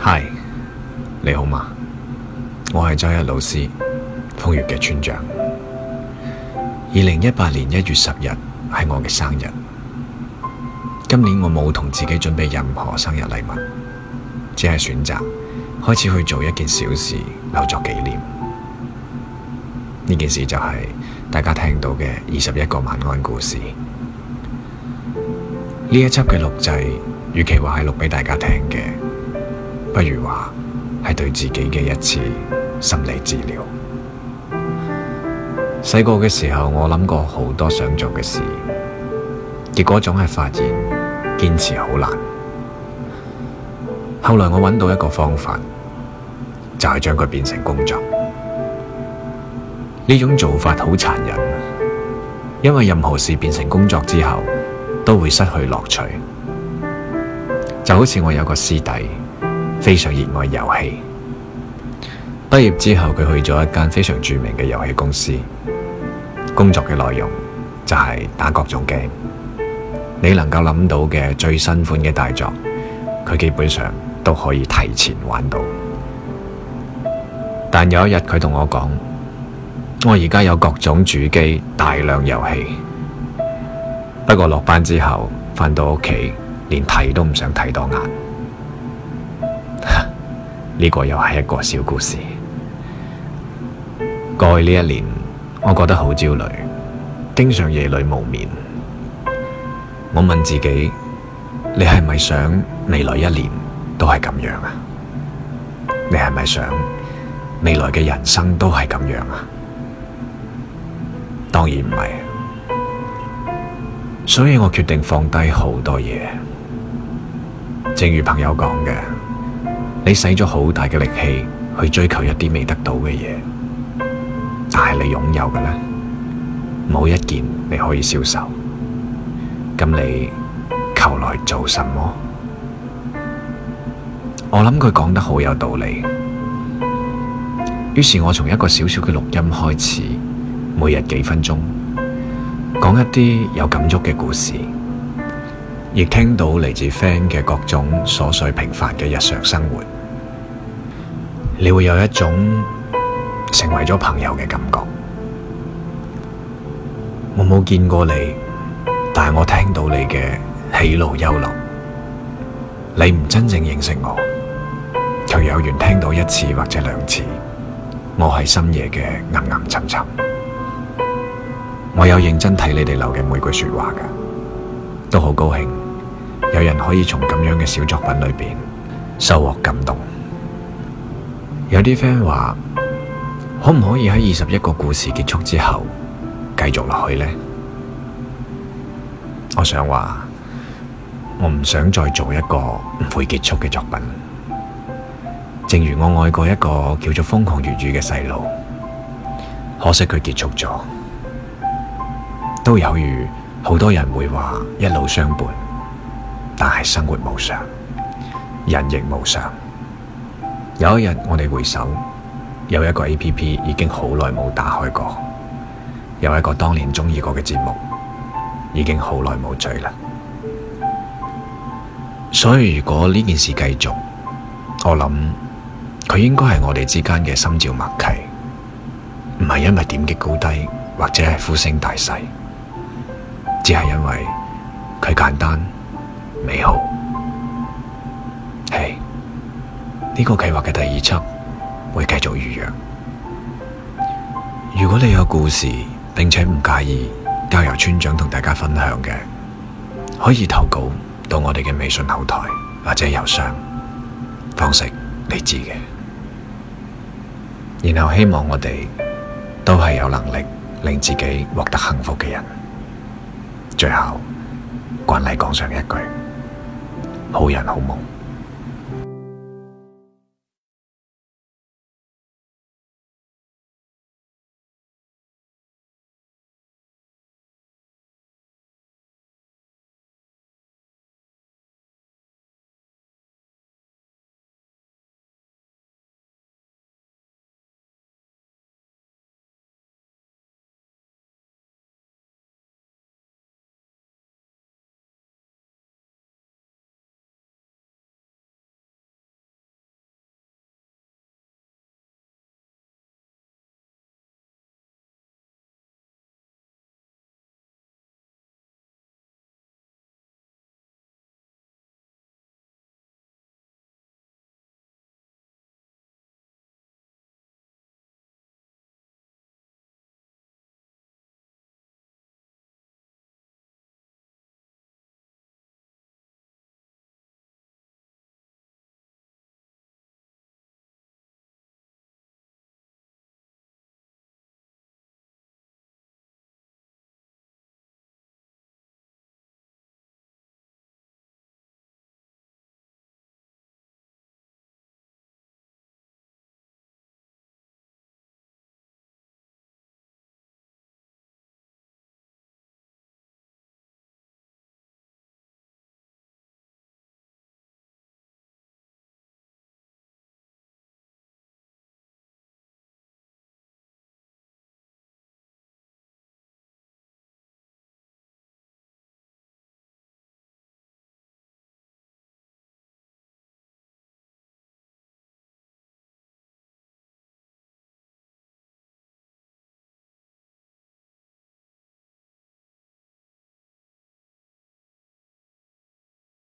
嗨，Hi, 你好嘛？我係周日老師，風月嘅村長。二零一八年一月十日係我嘅生日。今年我冇同自己準備任何生日禮物，只係選擇開始去做一件小事，留作紀念。呢件事就係大家聽到嘅二十一個晚安故事。呢一輯嘅錄製。與其話係錄俾大家聽嘅，不如話係對自己嘅一次心理治療。細個嘅時候，我諗過好多想做嘅事，結果總係發現堅持好難。後來我揾到一個方法，就係將佢變成工作。呢種做法好殘忍，因為任何事變成工作之後，都會失去樂趣。就好似我有個師弟，非常熱愛遊戲。畢業之後，佢去咗一間非常著名嘅遊戲公司，工作嘅內容就係打各種 game。你能夠諗到嘅最新款嘅大作，佢基本上都可以提前玩到。但有一日，佢同我講：我而家有各種主機大量遊戲，不過落班之後翻到屋企。連睇都唔想睇多眼，呢個又係一個小故事。過去呢一年，我覺得好焦慮，經常夜裏無眠。我問自己：你係咪想未來一年都係咁樣啊？你係咪想未來嘅人生都係咁樣啊？當然唔係，所以我決定放低好多嘢。正如朋友講嘅，你使咗好大嘅力氣去追求一啲未得到嘅嘢，但係你擁有嘅呢，冇一件你可以消受。咁你求來做什麼？我諗佢講得好有道理。於是我從一個小小嘅錄音開始，每日幾分鐘，講一啲有感觸嘅故事。亦聽到嚟自 friend 嘅各種瑣碎平凡嘅日常生活，你會有一種成為咗朋友嘅感覺。我冇見過你，但係我聽到你嘅喜怒憂樂。你唔真正認識我，卻有緣聽到一次或者兩次，我係深夜嘅吟吟沉沉。我有認真睇你哋留嘅每句說話噶。都好高興，有人可以從咁樣嘅小作品裏邊收穫感動。有啲 friend 話，可唔可以喺二十一個故事結束之後繼續落去呢？我想話，我唔想再做一個唔會結束嘅作品。正如我愛過一個叫做瘋狂粵語嘅細路，可惜佢結束咗，都有如。好多人會話一路相伴，但係生活無常，人亦無常。有一日我哋回首，有一個 APP 已經好耐冇打開過，有一個當年中意過嘅節目已經好耐冇追啦。所以如果呢件事繼續，我諗佢應該係我哋之間嘅心照默契，唔係因為點擊高低或者係呼聲大細。只係因為佢簡單美好，係、hey, 呢個計劃嘅第二輯會繼續預約。如果你有故事，並且唔介意交由村長同大家分享嘅，可以投稿到我哋嘅微信後台或者郵箱，方式你知嘅。然後希望我哋都係有能力令自己獲得幸福嘅人。最後，慣例講上一句：好人好夢。